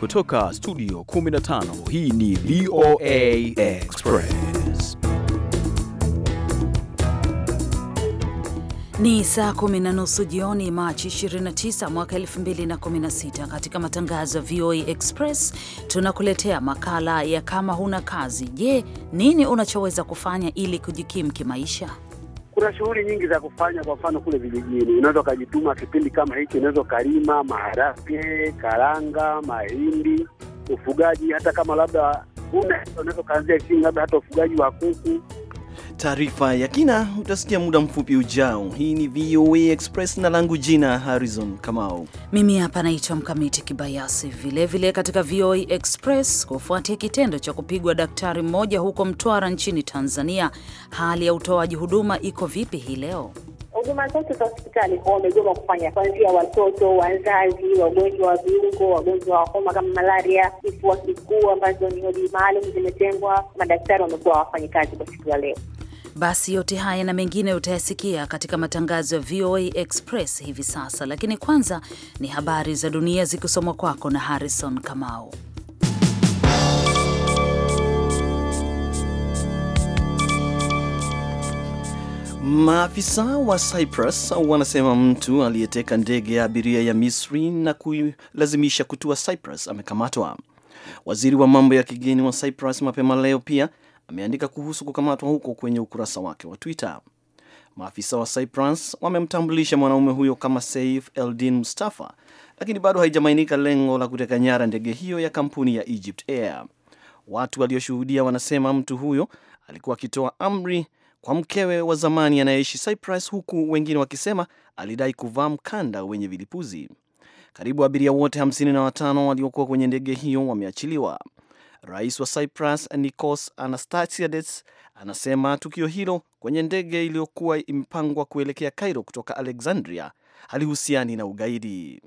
Kutoka studio 15 hii ni VOA Express. Ni saa kumi na nusu jioni Machi 29 mwaka 2016. Katika matangazo ya VOA Express tunakuletea makala ya kama huna kazi, je, nini unachoweza kufanya ili kujikimu kimaisha? kuna shughuli nyingi za kufanya. Kwa mfano kule vijijini, unaweza ukajituma kipindi kama hiki, unaweza ukalima maharage, karanga, mahindi, ufugaji. Hata kama labda unaweza ukaanzia chini, labda hata ufugaji wa kuku Taarifa ya kina utasikia muda mfupi ujao. Hii ni VOA Express na langu jina Harrison Kamau. Mimi hapa naitwa Mkamiti Kibayasi. Vilevile katika VOA Express, kufuatia kitendo cha kupigwa daktari mmoja huko Mtwara nchini Tanzania, hali ya utoaji huduma iko vipi hii leo? huduma zote za hospitali kwa wamegoma kufanya, kuanzia watoto, wazazi, wagonjwa wa viungo, wagonjwa wa homa kama malaria, kifua kikuu, ambazo ni hodi maalum zimetengwa. Madaktari wamekuwa wafanyikazi kazi kwa siku ya leo. Basi yote haya na mengine utayasikia katika matangazo ya VOA Express hivi sasa, lakini kwanza ni habari za dunia zikisomwa kwako na Harrison Kamau. Maafisa wa Cyprus wanasema mtu aliyeteka ndege ya abiria ya Misri na kuilazimisha kutua Cyprus amekamatwa. Waziri wa mambo ya kigeni wa Cyprus mapema leo pia ameandika kuhusu kukamatwa huko kwenye ukurasa wake wa Twitter. Maafisa wa Cyprus wamemtambulisha mwanaume huyo kama Saif Eldin Mustafa, lakini bado haijamainika lengo la kuteka nyara ndege hiyo ya kampuni ya Egypt Air. Watu walioshuhudia wanasema mtu huyo alikuwa akitoa amri kwa mkewe wa zamani anayeishi Cyprus, huku wengine wakisema alidai kuvaa mkanda wenye vilipuzi. Karibu abiria wote 55 waliokuwa kwenye ndege hiyo wameachiliwa. Rais wa Cyprus Nikos Anastasiades anasema tukio hilo kwenye ndege iliyokuwa imepangwa kuelekea Cairo kutoka Alexandria halihusiani na ugaidi.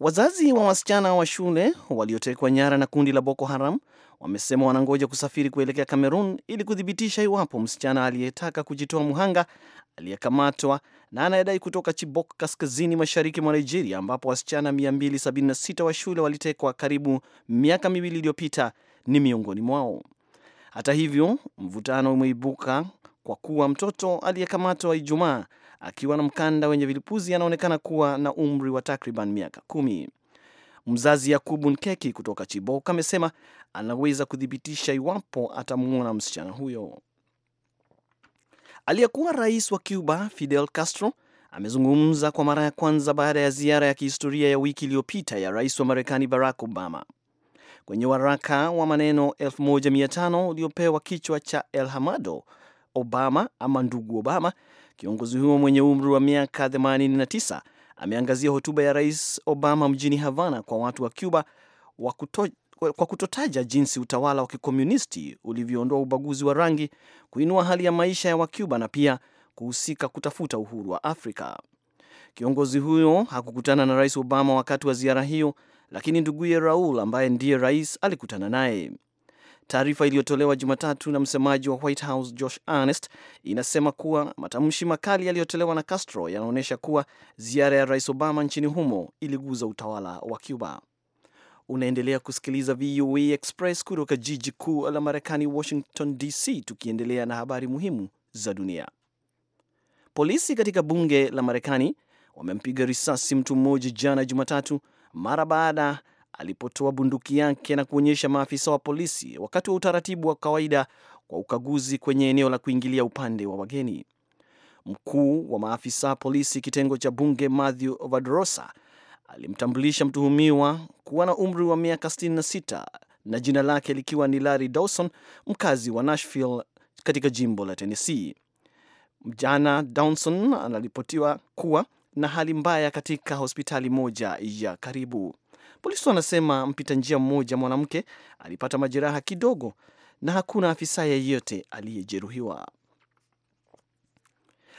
Wazazi wa wasichana wa shule waliotekwa nyara na kundi la Boko Haram wamesema wanangoja kusafiri kuelekea Cameroon ili kuthibitisha iwapo msichana aliyetaka kujitoa muhanga aliyekamatwa na anayedai kutoka Chibok kaskazini mashariki mwa Nigeria ambapo wasichana 276 wa shule walitekwa karibu miaka miwili iliyopita ni miongoni mwao. Hata hivyo, mvutano umeibuka kwa kuwa mtoto aliyekamatwa Ijumaa akiwa na mkanda wenye vilipuzi anaonekana kuwa na umri wa takriban miaka kumi. Mzazi Yakubu Nkeki kutoka Chibok amesema anaweza kuthibitisha iwapo atamwona msichana huyo. Aliyekuwa rais wa Cuba Fidel Castro amezungumza kwa mara ya kwanza baada ya ziara ya kihistoria ya wiki iliyopita ya rais wa Marekani Barack Obama. Kwenye waraka wa maneno 1500 uliopewa kichwa cha El Hamado Obama ama ndugu Obama, kiongozi huo mwenye umri wa miaka 89 ameangazia hotuba ya Rais Obama mjini Havana kwa watu wa Cuba wa kuto, kwa kutotaja jinsi utawala wa kikomunisti ulivyoondoa ubaguzi wa rangi, kuinua hali ya maisha ya Wacuba na pia kuhusika kutafuta uhuru wa Afrika. Kiongozi huyo hakukutana na Rais Obama wakati wa ziara hiyo, lakini nduguye Raul ambaye ndiye rais alikutana naye. Taarifa iliyotolewa Jumatatu na msemaji wa White House Josh Earnest inasema kuwa matamshi makali yaliyotolewa na Castro yanaonyesha kuwa ziara ya Rais Obama nchini humo iliguza utawala wa Cuba. Unaendelea kusikiliza VOA Express kutoka jiji kuu la Marekani, Washington DC, tukiendelea na habari muhimu za dunia. Polisi katika bunge la Marekani wamempiga risasi mtu mmoja jana Jumatatu mara baada alipotoa bunduki yake na kuonyesha maafisa wa polisi wakati wa utaratibu wa kawaida kwa ukaguzi kwenye eneo la kuingilia upande wa wageni. Mkuu wa maafisa polisi kitengo cha bunge Matthew Vadrosa alimtambulisha mtuhumiwa kuwa na umri wa miaka 66 na jina lake likiwa ni Larry Dawson, mkazi wa Nashville katika jimbo la Tennessee. Mjana Dawson anaripotiwa kuwa na hali mbaya katika hospitali moja ya karibu. Polisi wanasema mpita njia mmoja mwanamke alipata majeraha kidogo na hakuna afisa yeyote aliyejeruhiwa.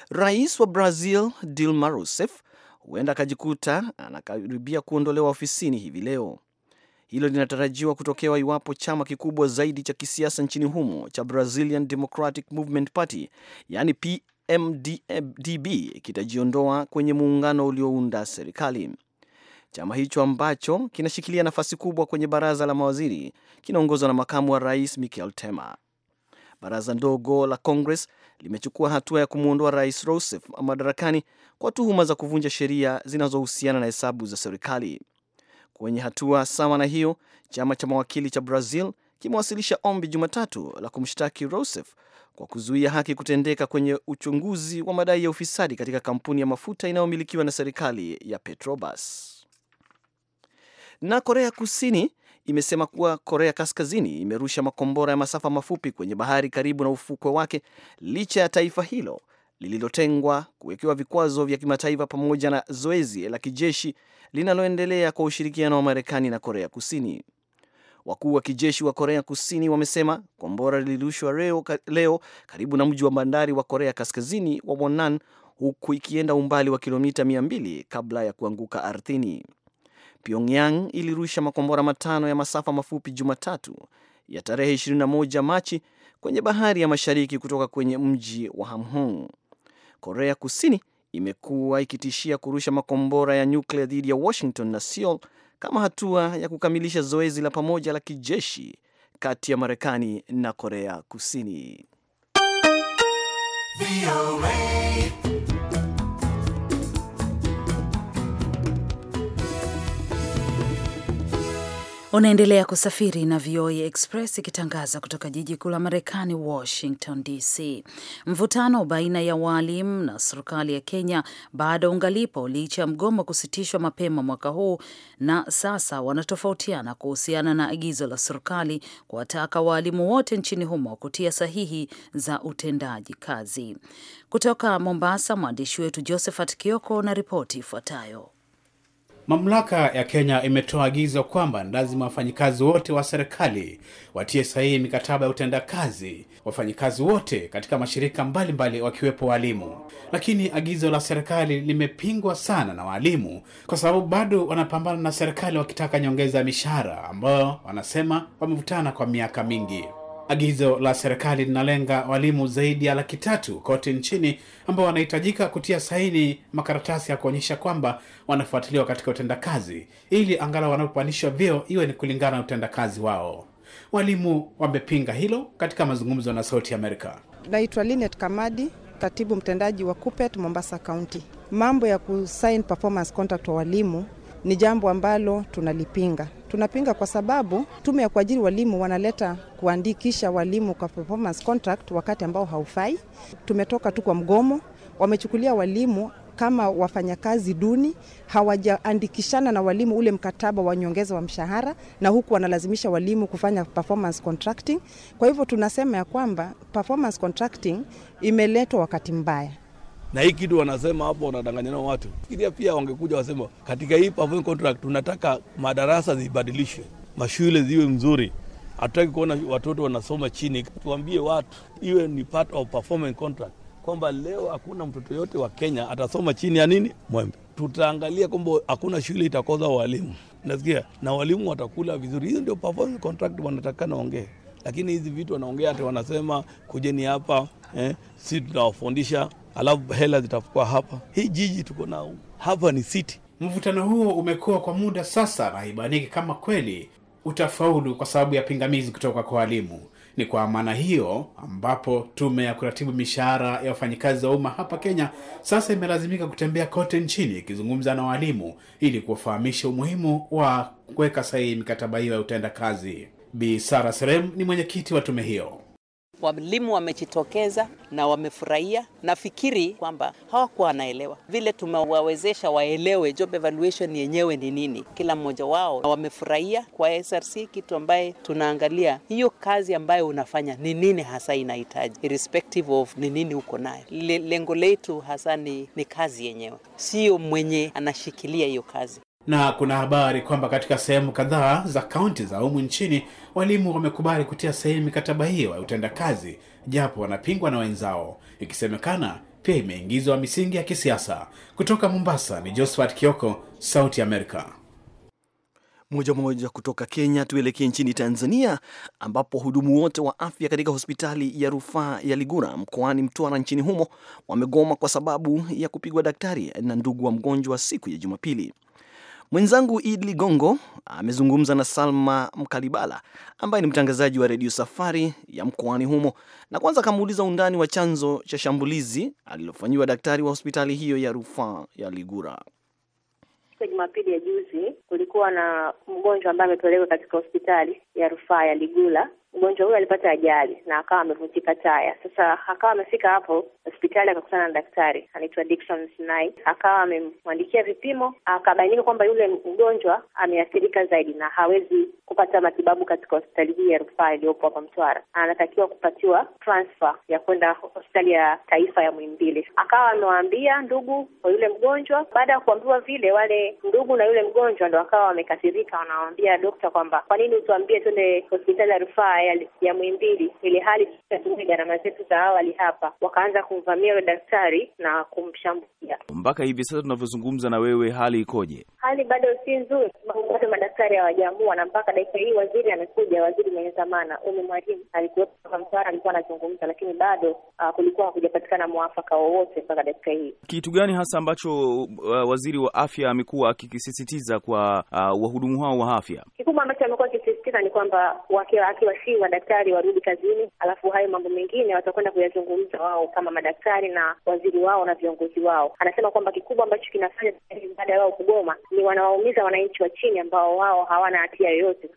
Rais wa Brazil Dilma Rousseff huenda akajikuta anakaribia kuondolewa ofisini hivi leo. Hilo linatarajiwa kutokewa iwapo chama kikubwa zaidi cha kisiasa nchini humo cha Brazilian Democratic Movement Party, yaani PMDB, kitajiondoa kwenye muungano uliounda serikali. Chama hicho ambacho kinashikilia nafasi kubwa kwenye baraza la mawaziri kinaongozwa na makamu wa rais Michel Temer. Baraza ndogo la Congress limechukua hatua ya kumwondoa rais Rousseff madarakani kwa tuhuma za kuvunja sheria zinazohusiana na hesabu za serikali. Kwenye hatua sawa na hiyo, chama cha mawakili cha Brazil kimewasilisha ombi Jumatatu la kumshtaki Rousseff kwa kuzuia haki kutendeka kwenye uchunguzi wa madai ya ufisadi katika kampuni ya mafuta inayomilikiwa na serikali ya Petrobras. Na Korea Kusini imesema kuwa Korea Kaskazini imerusha makombora ya masafa mafupi kwenye bahari karibu na ufukwe wake licha ya taifa hilo lililotengwa kuwekewa vikwazo vya kimataifa pamoja na zoezi la kijeshi linaloendelea kwa ushirikiano wa Marekani na Korea Kusini. Wakuu wa kijeshi wa Korea Kusini wamesema kombora lilirushwa leo, leo karibu na mji wa bandari wa Korea Kaskazini wa Wonan huku ikienda umbali wa kilomita 200 kabla ya kuanguka ardhini. Pyongyang ilirusha makombora matano ya masafa mafupi Jumatatu ya tarehe 21 Machi kwenye bahari ya mashariki kutoka kwenye mji wa Hamhung. Korea Kusini imekuwa ikitishia kurusha makombora ya nyuklia dhidi ya Washington na Seoul kama hatua ya kukamilisha zoezi la pamoja la kijeshi kati ya Marekani na Korea Kusini. Unaendelea kusafiri na VOA Express ikitangaza kutoka jiji kuu la Marekani, Washington DC. Mvutano baina ya waalimu na serikali ya Kenya bado ungalipo licha ya mgomo kusitishwa mapema mwaka huu, na sasa wanatofautiana kuhusiana na agizo la serikali kuwataka waalimu wote nchini humo kutia sahihi za utendaji kazi. Kutoka Mombasa, mwandishi wetu Josephat Kioko na ripoti ifuatayo. Mamlaka ya Kenya imetoa agizo kwamba lazima wafanyikazi wote wa serikali watie sahihi mikataba ya utendakazi, wafanyikazi wote katika mashirika mbalimbali wakiwepo walimu. Lakini agizo la serikali limepingwa sana na waalimu kwa sababu bado wanapambana na serikali wakitaka nyongeza ya mishahara ambayo wanasema wamevutana kwa miaka mingi. Agizo la serikali linalenga walimu zaidi ya laki tatu kote nchini ambao wanahitajika kutia saini makaratasi ya kuonyesha kwamba wanafuatiliwa katika utendakazi, ili angalau wanapopandishwa vyeo iwe ni kulingana na utendakazi wao. Walimu wamepinga hilo katika mazungumzo na Sauti Amerika. Naitwa Linet Kamadi, katibu mtendaji wa KUPET Mombasa kaunti Mambo ya kusain performance contract wa walimu ni jambo ambalo tunalipinga Tunapinga kwa sababu tume ya kuajiri walimu wanaleta kuandikisha walimu kwa performance contract wakati ambao haufai. Tumetoka tu kwa mgomo, wamechukulia walimu kama wafanyakazi duni, hawajaandikishana na walimu ule mkataba wa nyongeza wa mshahara, na huku wanalazimisha walimu kufanya performance contracting. Kwa hivyo tunasema ya kwamba performance contracting imeletwa wakati mbaya na hii kitu wanasema hapo wanadanganyana watu. Fikiria pia wangekuja wasema katika hii pavement contract tunataka madarasa zibadilishwe, mashule ziwe mzuri, hatutaki kuona watoto wanasoma chini. Tuambie watu iwe ni part of performance contract kwamba leo hakuna mtoto yote wa Kenya atasoma chini ya nini mwembe. Tutaangalia kwamba hakuna shule itakosa walimu, nasikia na walimu watakula vizuri. Hiyo ndio performance contract wanataka naongee, lakini hizi vitu wanaongea hati wanasema kujeni hapa eh, si tunawafundisha alafu hela zitakuwa hapa. Hii jiji tuko nao hapa ni city. Mvutano huo umekuwa kwa muda sasa, na haibaniki kama kweli utafaulu kwa sababu ya pingamizi kutoka kwa walimu. Ni kwa maana hiyo ambapo tume ya kuratibu mishahara ya wafanyikazi wa umma hapa Kenya sasa imelazimika kutembea kote nchini ikizungumza na walimu ili kuwafahamisha umuhimu wa kuweka sahihi mikataba hiyo ya kazi. Bi Sara Serem ni mwenyekiti wa tume hiyo. Walimu wamejitokeza na wamefurahia. Nafikiri kwamba hawakuwa wanaelewa vile tumewawezesha waelewe job evaluation yenyewe ni nini. Kila mmoja wao wamefurahia kwa SRC, kitu ambaye tunaangalia hiyo kazi ambayo unafanya ni nini hasa inahitaji, irrespective of ni nini uko nayo. Lengo letu hasa ni, ni kazi yenyewe, sio mwenye anashikilia hiyo kazi na kuna habari kwamba katika sehemu kadhaa za kaunti za umu nchini walimu wamekubali kutia sehemu mikataba hiyo ya utendakazi japo wanapingwa na wenzao ikisemekana pia imeingizwa misingi ya kisiasa kutoka mombasa ni josphat kioko sauti amerika moja moja kutoka Kenya tuelekee nchini Tanzania, ambapo wahudumu wote wa afya katika hospitali ya rufaa ya Ligura mkoani Mtwara nchini humo wamegoma kwa sababu ya kupigwa daktari na ndugu wa mgonjwa siku ya Jumapili. Mwenzangu Id Ligongo amezungumza na Salma Mkalibala ambaye ni mtangazaji wa redio Safari ya mkoani humo, na kwanza akamuuliza undani wa chanzo cha shambulizi alilofanyiwa daktari wa hospitali hiyo ya rufaa ya Ligura. Jumapili ya juzi kulikuwa na mgonjwa ambaye amepelekwa katika hospitali ya rufaa ya Ligula mgonjwa huyo alipata ajali na akawa amevutika taya. Sasa akawa amefika hapo hospitali akakutana na daktari anaitwa Dickson Sinai, akawa amemwandikia vipimo, akabainika kwamba yule mgonjwa ameathirika zaidi na hawezi kupata matibabu katika hospitali hii ya rufaa iliyopo hapa Mtwara, anatakiwa kupatiwa transfer ya kwenda hospitali ya taifa ya Muhimbili. Akawa amewaambia ndugu kwa yule mgonjwa. Baada ya kuambiwa vile, wale ndugu na yule mgonjwa ndo akawa wamekasirika, wanawambia dokta kwamba kwa nini utuambie twende hospitali ya rufaa ya, ya Muhimbili, ili hali tume gharama zetu za awali hapa, wakaanza kumvamia yule daktari na kumshambulia. Mpaka hivi sasa tunavyozungumza na wewe, hali ikoje? Hali bado si nzuri, kwa sababu bado madaktari hawajaamua, na mpaka dakika hii waziri amekuja, waziri mwenye dhamana Ummy Mwalimu alikuwepo, Mtwara alikuwa anazungumza, lakini bado uh, kulikuwa hakujapatikana mwafaka wowote mpaka dakika hii. Kitu gani hasa ambacho uh, waziri wa afya amekuwa akikisisitiza kwa uh, wahudumu hao wa afya? Kikubwa ambacho amekuwa akisisitiza ni kwamba wakiwa wauguzi, madaktari warudi kazini, alafu hayo mambo mengine watakwenda kuyazungumza wao kama madaktari na waziri wao na viongozi wao. Anasema kwamba kikubwa ambacho kinafanya baada ya wao kugoma ni wanawaumiza wananchi wa chini ambao wao hawana hatia yoyote,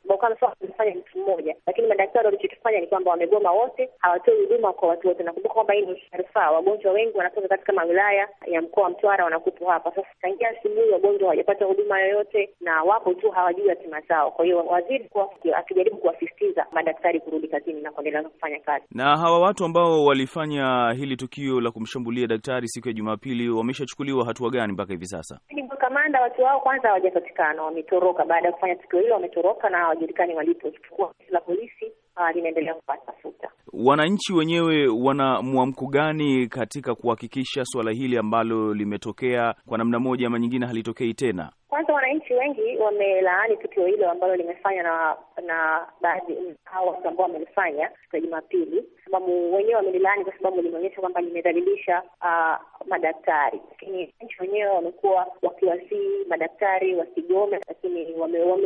fanya mtu mmoja, lakini madaktari walichokifanya ni kwamba wamegoma wote, hawatoi huduma kwa watu wote. Nakumbuka kwamba hii ni rufaa, wagonjwa wengi wanatoka katika mawilaya ya mkoa wa Mtwara wanakupo hapa sasa. Tangia asubuhi wagonjwa hawajapata huduma yoyote, na wapo tu hawajui hatima zao. Kwa hiyo waziri akijaribu kuwasisitiza madaktari hatari kurudi kazini na kuendelea kufanya kazi. Na hawa watu ambao walifanya hili tukio la kumshambulia daktari siku ya Jumapili wameshachukuliwa hatua gani mpaka hivi sasa? Kamanda, watu wao kwanza hawajapatikana, wametoroka. Baada ya kufanya tukio hilo wametoroka na hawajulikani walipo. Chukua la polisi linaendelea ah, kuwatafuta. Wananchi wenyewe wana mwamko gani katika kuhakikisha suala hili ambalo limetokea kwa namna moja ama nyingine halitokei tena? Kwanza, wananchi wengi wamelaani tukio hilo ambalo limefanywa na na baadhi hao watu ambao wamelifanya siku ya Jumapili, sababu wenyewe wamelilaani kwa sababu limeonyesha kwamba limedhalilisha uh, madaktari, lakini wananchi wenyewe wamekuwa wakiwasii madaktari wasigome, lakini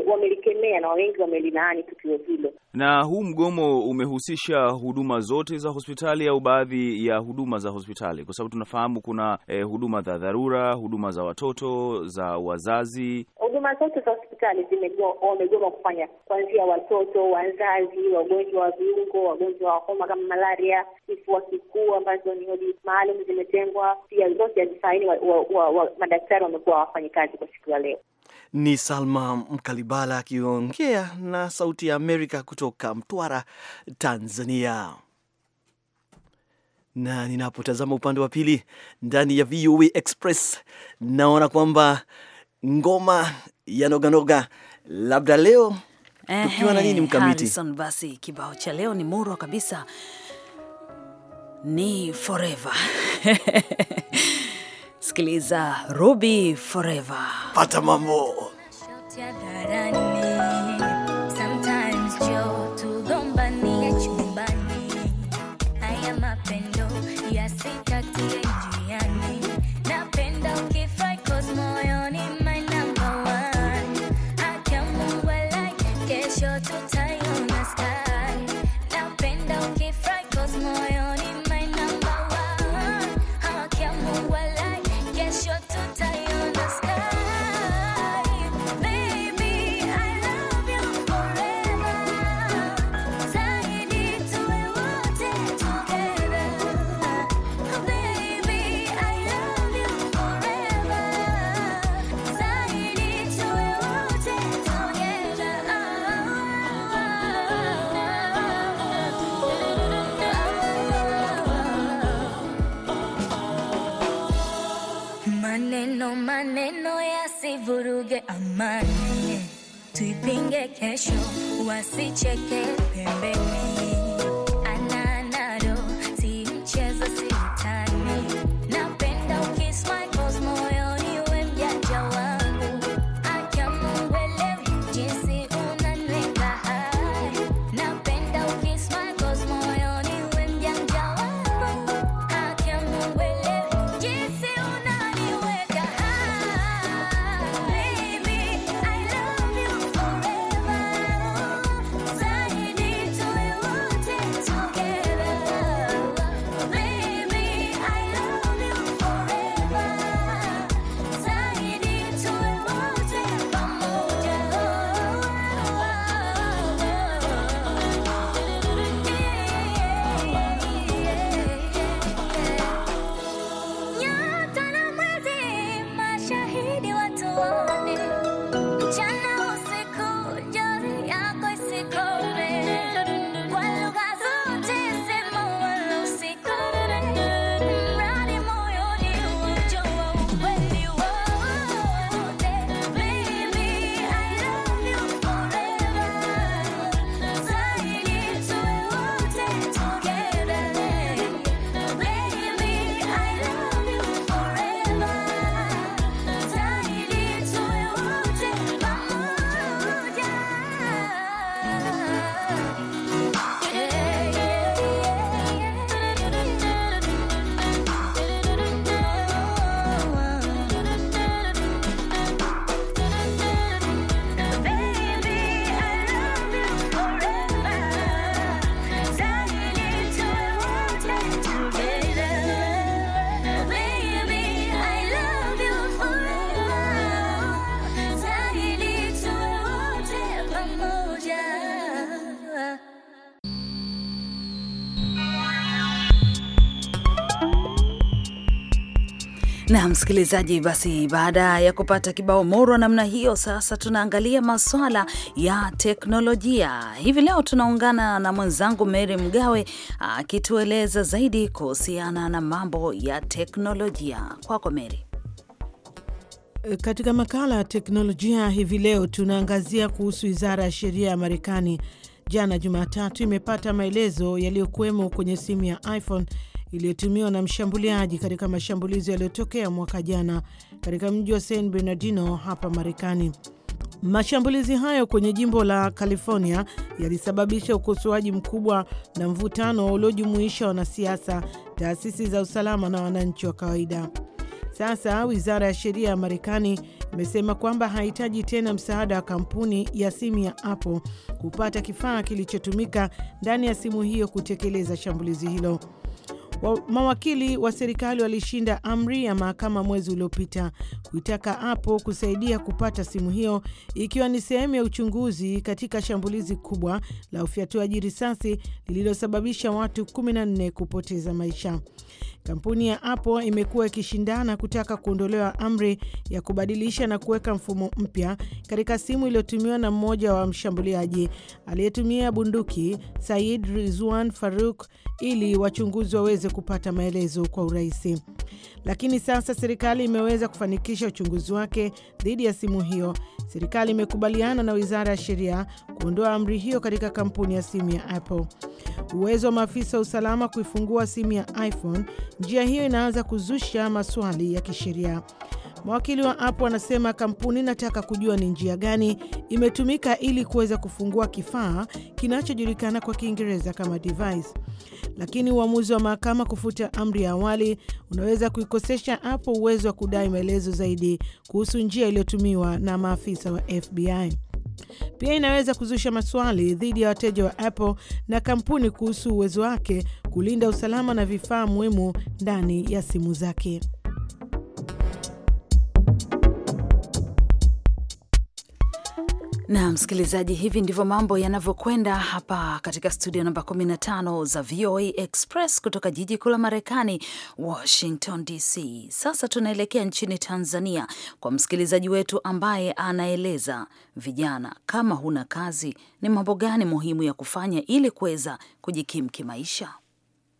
wamelikemea wame, na wengi wamelinaani tukio hilo. Na huu mgomo umehusisha huduma zote za hospitali au baadhi ya huduma za hospitali, kwa sababu tunafahamu kuna eh, huduma za dharura, huduma za watoto, za wazazi, huduma zote za hospitali wamegoma kufanya, kuanzia watoto, wazazi, wagonjwa wa viungo, wagonjwa wa homa kama malaria, kifua kikuu ambazo ni hodi maalum zimetengwa pia ngozi ya wa, madaktari wamekuwa wafanyi kazi kwa siku ya leo. Ni Salma Mkalibala akiongea na Sauti ya Amerika kutoka Mtwara, Tanzania. Na ninapotazama upande wa pili ndani ya VOA e Express naona kwamba ngoma ya noganoga labda leo tukiwa na nini mkamiti, basi kibao cha leo ni murwa kabisa ni Forever. Sikiliza Ruby Forever. Pata mambo. Shout ya kesho wasicheke pembeni. msikilizaji, basi baada ya kupata kibao morwa namna hiyo, sasa tunaangalia maswala ya teknolojia. Hivi leo tunaungana na mwenzangu Mary Mgawe akitueleza zaidi kuhusiana na mambo ya teknolojia. Kwako Mary. E, katika makala ya teknolojia hivi leo tunaangazia kuhusu wizara ya sheria ya Marekani. Jana Jumatatu imepata maelezo yaliyokuwemo kwenye simu ya iPhone iliyotumiwa na mshambuliaji katika mashambulizi yaliyotokea mwaka jana katika mji wa San Bernardino hapa Marekani. Mashambulizi hayo kwenye jimbo la California yalisababisha ukosoaji mkubwa na mvutano uliojumuisha wanasiasa, taasisi za usalama na wananchi wa kawaida. Sasa wizara ya sheria ya Marekani imesema kwamba hahitaji tena msaada wa kampuni ya simu ya Apple kupata kifaa kilichotumika ndani ya simu hiyo kutekeleza shambulizi hilo wa, mawakili wa serikali walishinda amri ya mahakama mwezi uliopita kuitaka Apple kusaidia kupata simu hiyo ikiwa ni sehemu ya uchunguzi katika shambulizi kubwa la ufyatuaji risasi lililosababisha watu 14 kupoteza maisha. Kampuni ya Apple imekuwa ikishindana kutaka kuondolewa amri ya kubadilisha na kuweka mfumo mpya katika simu iliyotumiwa na mmoja wa mshambuliaji aliyetumia bunduki Said Rizwan Faruk ili wachunguzi waweze waweze kupata maelezo kwa urahisi. Lakini sasa serikali imeweza kufanikisha uchunguzi wake dhidi ya simu hiyo. Serikali imekubaliana na wizara ya sheria kuondoa amri hiyo katika kampuni ya simu ya Apple. Uwezo wa maafisa wa usalama kuifungua simu ya iPhone, njia hiyo inaanza kuzusha maswali ya kisheria. Mawakili wa Apple wanasema kampuni inataka kujua ni njia gani imetumika ili kuweza kufungua kifaa kinachojulikana kwa Kiingereza kama device, lakini uamuzi wa mahakama kufuta amri ya awali unaweza kuikosesha Apple uwezo wa kudai maelezo zaidi kuhusu njia iliyotumiwa na maafisa wa FBI. Pia inaweza kuzusha maswali dhidi ya wateja wa Apple na kampuni kuhusu uwezo wake kulinda usalama na vifaa muhimu ndani ya simu zake. na msikilizaji, hivi ndivyo mambo yanavyokwenda hapa katika studio namba 15 za VOA Express kutoka jiji kuu la Marekani, Washington DC. Sasa tunaelekea nchini Tanzania kwa msikilizaji wetu ambaye anaeleza vijana, kama huna kazi, ni mambo gani muhimu ya kufanya ili kuweza kujikimu kimaisha?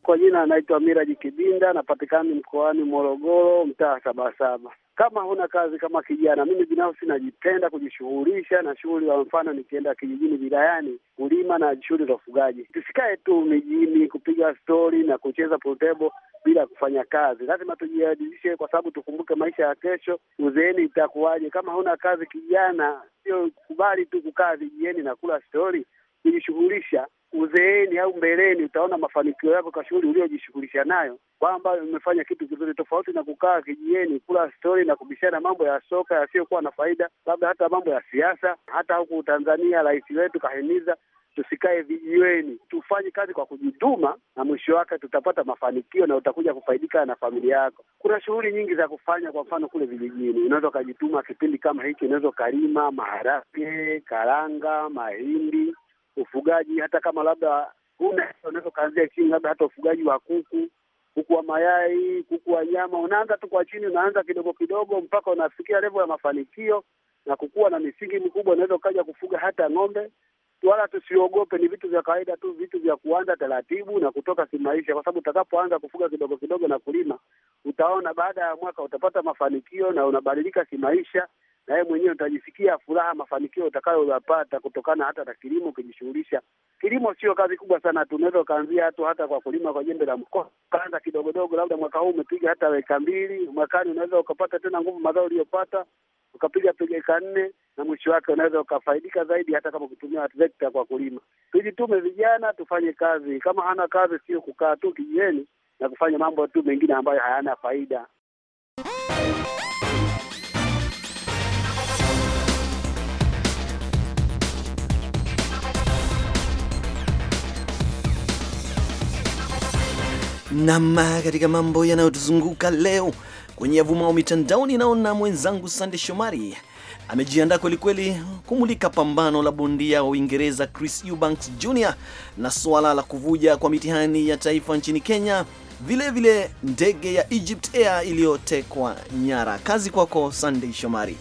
Kwa jina anaitwa Miraji Kibinda, napatikana mkoani Morogoro, mtaa Sabasaba. Kama huna kazi kama kijana, mimi binafsi najipenda kujishughulisha na shughuli kwa mfano, nikienda kijijini vilayani kulima na shughuli za ufugaji. Tusikae tu mijini kupiga stori na kucheza portable bila kufanya kazi. Lazima tujiadilishe, kwa sababu tukumbuke maisha ya kesho, uzeeni itakuwaje? Kama huna kazi kijana, sio kubali tu kukaa vijieni na kula stori, kujishughulisha uzeeni au mbeleni utaona mafanikio yako kwa shughuli uliyojishughulisha nayo, kwamba umefanya kitu kizuri, tofauti na kukaa kijieni kula stori na kubishana mambo ya soka yasiyokuwa na faida, labda hata mambo ya siasa. Hata huku Tanzania rais wetu kahimiza tusikae vijiweni, tufanye kazi kwa kujituma, na mwisho wake tutapata mafanikio na utakuja kufaidika na familia yako. Kuna shughuli nyingi za kufanya. Kwa mfano kule vijijini, unaweza ukajituma, kipindi kama hiki unaweza ukalima maharage, karanga, mahindi ufugaji, hata kama labda huna, unaweza ukaanzia chini, labda hata ufugaji wa kuku, kuku wa mayai, kuku wa nyama, unaanza tu kwa chini, unaanza kidogo kidogo mpaka unafikia level ya mafanikio na kukuwa na misingi mikubwa. Unaweza ukaja kufuga hata ng'ombe. Wala tusiogope, ni vitu vya kawaida tu, vitu vya kuanza taratibu na kutoka kimaisha, kwa sababu utakapoanza kufuga kidogo kidogo na kulima, utaona baada ya mwaka utapata mafanikio na unabadilika kimaisha na yeye mwenyewe utajisikia furaha, mafanikio utakayoyapata kutokana hata na kilimo. Ukijishughulisha kilimo, sio kazi kubwa sana, tunaweza ukaanzia tu hata kwa kulima kwa jembe la mkono, ukaanza kidogodogo, labda mwaka huu umepiga hata weka mbili, mwakani unaweza ukapata tena nguvu mazao uliyopata ukapiga piga eka nne, na mwisho wake unaweza ukafaidika zaidi, hata kama ukitumia trekta kwa kulima. Tujitume vijana, tufanye kazi. Kama hana kazi, sio kukaa tu kijiweni na kufanya mambo tu mengine ambayo hayana faida. Nam, katika mambo yanayotuzunguka leo kwenye yavumao mitandaoni, naona mwenzangu Sande Shomari amejiandaa kwelikweli kumulika pambano la bondia wa Uingereza Chris Eubanks Jr na suala la kuvuja kwa mitihani ya taifa nchini Kenya, vilevile ndege ya Egypt Air iliyotekwa nyara. Kazi kwako Sandey Shomari.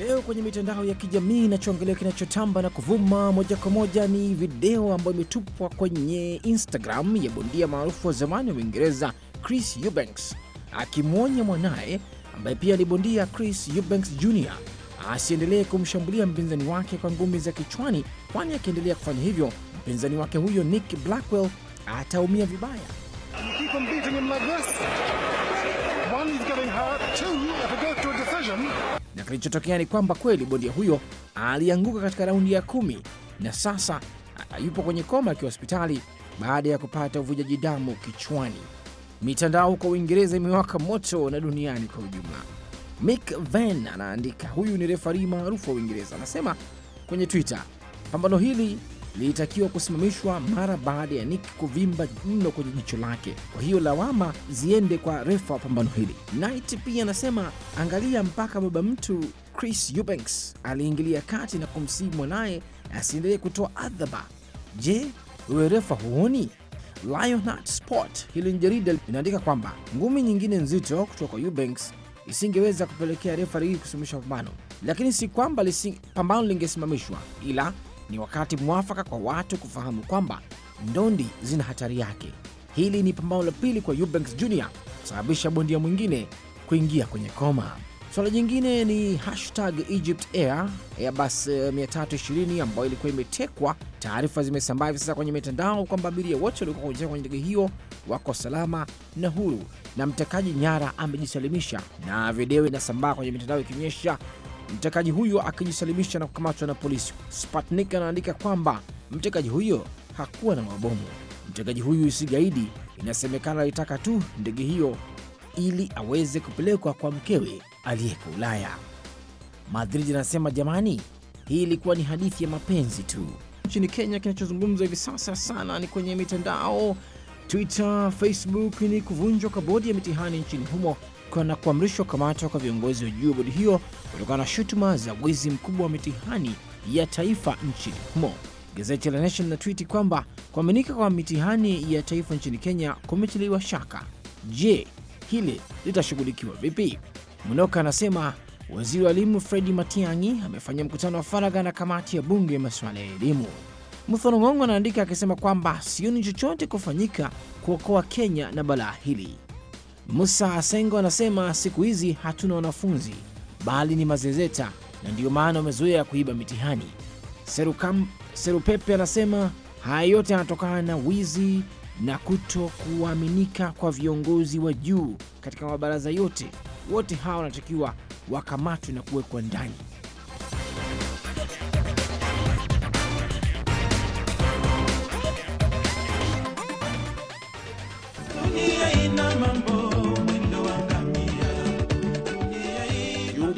Leo kwenye mitandao ya kijamii inachoangalia kinachotamba na kuvuma moja kwa moja ni video ambayo imetupwa kwenye Instagram ya bondia maarufu wa zamani wa Uingereza Chris Eubanks akimwonya mwanaye ambaye pia ni bondia Chris Eubanks Jr asiendelee kumshambulia mpinzani wake kwa ngumi za kichwani, kwani akiendelea kufanya hivyo mpinzani wake huyo Nick Blackwell ataumia vibaya na kilichotokea ni kwamba kweli bondia huyo alianguka katika raundi ya kumi na sasa yupo kwenye koma akiwa hospitali baada ya kupata uvujaji damu kichwani. Mitandao huko Uingereza imewaka moto na duniani kwa ujumla. Mick Van anaandika, huyu ni refari maarufu wa Uingereza, anasema kwenye Twitter, pambano hili lilitakiwa kusimamishwa mara baada ya Nick kuvimba mno kwenye jicho lake. Kwa hiyo lawama ziende kwa refa wa pambano hili. Knight pia anasema, angalia mpaka baba mtu Chris Eubanks aliingilia kati na kumsihi mwanaye asiendelee kutoa adhaba. Je, wewe refa huoni? Lionheart Sport, hili ni jarida linaandika kwamba ngumi nyingine nzito kutoka kwa Eubanks isingeweza kupelekea refa hii kusimamisha pambano, lakini si kwamba pambano lingesimamishwa, ila ni wakati mwafaka kwa watu kufahamu kwamba ndondi zina hatari yake. Hili ni pambano la pili kwa Eubanks Jr kusababisha bondia mwingine kuingia kwenye koma. Swala jingine ni hashtag Egypt Air Airbus 320 eh, ambayo ilikuwa imetekwa. Taarifa zimesambaa hivi sasa kwenye mitandao kwamba abiria wote waliokuwa kwenye ndege hiyo wako salama na huru, na mtekaji nyara amejisalimisha, na video inasambaa kwenye mitandao ikionyesha mtekaji huyo akijisalimisha na kukamatwa na polisi. Sputnik anaandika kwamba mtekaji huyo hakuwa na mabomu. Mtekaji huyu si gaidi, inasemekana alitaka tu ndege hiyo ili aweze kupelekwa kwa mkewe aliyeko Ulaya. Madrid anasema jamani, hii ilikuwa ni hadithi ya mapenzi tu. Nchini Kenya, kinachozungumzwa hivi sasa sana ni kwenye mitandao Twitter, Facebook ni kuvunjwa kwa bodi ya mitihani nchini humo na kuamrishwa kukamatwa kwa viongozi wa juu wa bodi hiyo kutokana na shutuma za wizi mkubwa wa mitihani ya taifa nchini humo. Gazeti la Nation twiti kwamba kuaminika kwa mitihani ya taifa nchini Kenya kumetiliwa shaka. Je, hili litashughulikiwa vipi? Munoka anasema waziri wa elimu Fredi Matiang'i amefanya mkutano wa faragha na kamati ya bunge ya masuala ya elimu. Mfano Ng'ongo anaandika akisema kwamba sioni chochote kufanyika kuokoa Kenya na balaa hili. Musa Asengo anasema siku hizi hatuna wanafunzi bali ni mazezeta, na ndiyo maana wamezoea kuiba mitihani. Serukam, Serupepe anasema haya yote yanatokana na wizi na kuto kuaminika kwa viongozi wa juu katika mabaraza yote. Wote hawa wanatakiwa wakamatwe na kuwekwa ndani.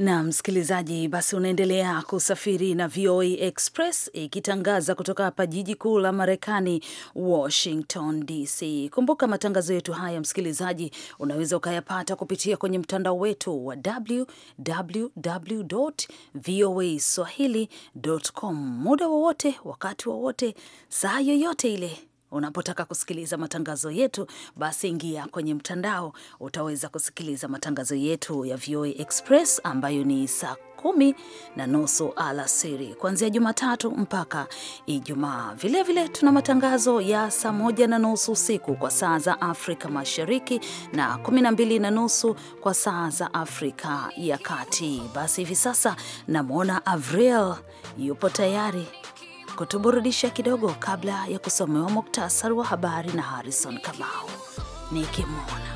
na msikilizaji, basi unaendelea kusafiri na VOA Express ikitangaza kutoka hapa jiji kuu la Marekani, Washington DC. Kumbuka matangazo yetu haya, msikilizaji, unaweza ukayapata kupitia kwenye mtandao wetu wa www voa swahili.com, muda wowote, wakati wowote, saa yoyote ile Unapotaka kusikiliza matangazo yetu, basi ingia kwenye mtandao, utaweza kusikiliza matangazo yetu ya VOA Express ambayo ni saa kumi na nusu alasiri kuanzia Jumatatu mpaka Ijumaa. Vilevile tuna matangazo ya saa moja na nusu usiku kwa saa za Afrika Mashariki na kumi na mbili na nusu kwa saa za Afrika ya Kati. Basi hivi sasa namwona Avril yupo tayari kutuburudisha kidogo kabla ya kusomewa muktasari wa habari na Harrison Kamau nikimwona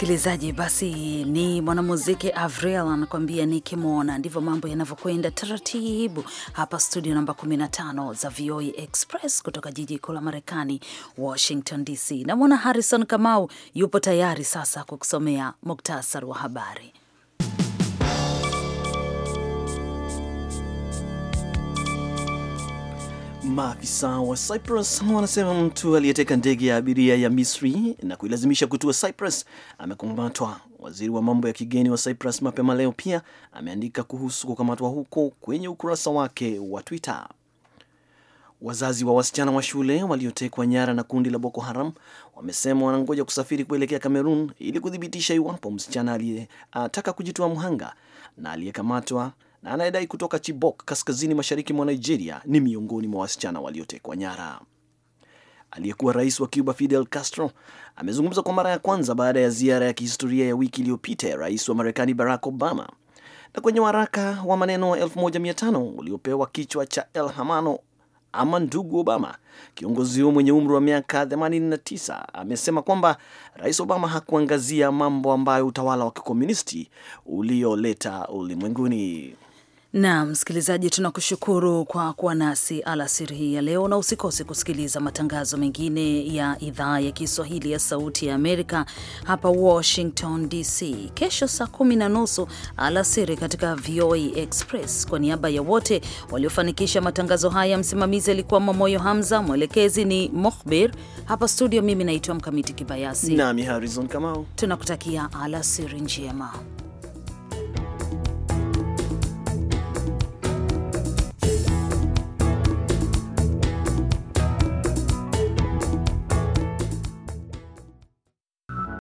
msikilizaji, basi ni mwanamuziki Avril anakuambia nikimwona. Ndivyo mambo yanavyokwenda taratibu hapa studio namba 15 za VOA e Express kutoka jiji kuu la Marekani, Washington DC. Namwona Harrison Kamau yupo tayari sasa kukusomea muktasari wa habari. Maafisa wa Cyprus wanasema mtu aliyeteka ndege ya abiria ya Misri na kuilazimisha kutua Cyprus amekumatwa. Waziri wa mambo ya kigeni wa Cyprus mapema leo pia ameandika kuhusu kukamatwa huko kwenye ukurasa wake wa Twitter. Wazazi wa wasichana wa shule waliotekwa nyara na kundi la Boko Haram wamesema wanangoja kusafiri kuelekea Cameroon ili kuthibitisha iwapo msichana aliyetaka kujitoa mhanga na aliyekamatwa na anayedai kutoka Chibok kaskazini mashariki mwa Nigeria ni miongoni mwa wasichana waliotekwa nyara. Aliyekuwa rais wa Cuba Fidel Castro amezungumza kwa mara ya kwanza baada ya ziara ya kihistoria ya wiki iliyopita ya rais wa Marekani Barack Obama, na kwenye waraka wa maneno 1500 uliopewa kichwa cha El Hermano ama ndugu Obama, kiongozi huyo mwenye umri wa miaka 89 amesema kwamba rais Obama hakuangazia mambo ambayo utawala wa kikomunisti ulioleta ulimwenguni. Na msikilizaji, tunakushukuru kwa kuwa nasi alasiri hii ya leo, na usikose kusikiliza matangazo mengine ya idhaa ya Kiswahili ya Sauti ya Amerika hapa Washington DC kesho saa kumi na nusu alasiri katika VOA Express. Kwa niaba ya wote waliofanikisha matangazo haya, msimamizi alikuwa Mamoyo Hamza, mwelekezi ni Mohbir. Hapa studio, mimi naitwa Mkamiti Kibayasi nami Harizon Kamau, tunakutakia alasiri njema.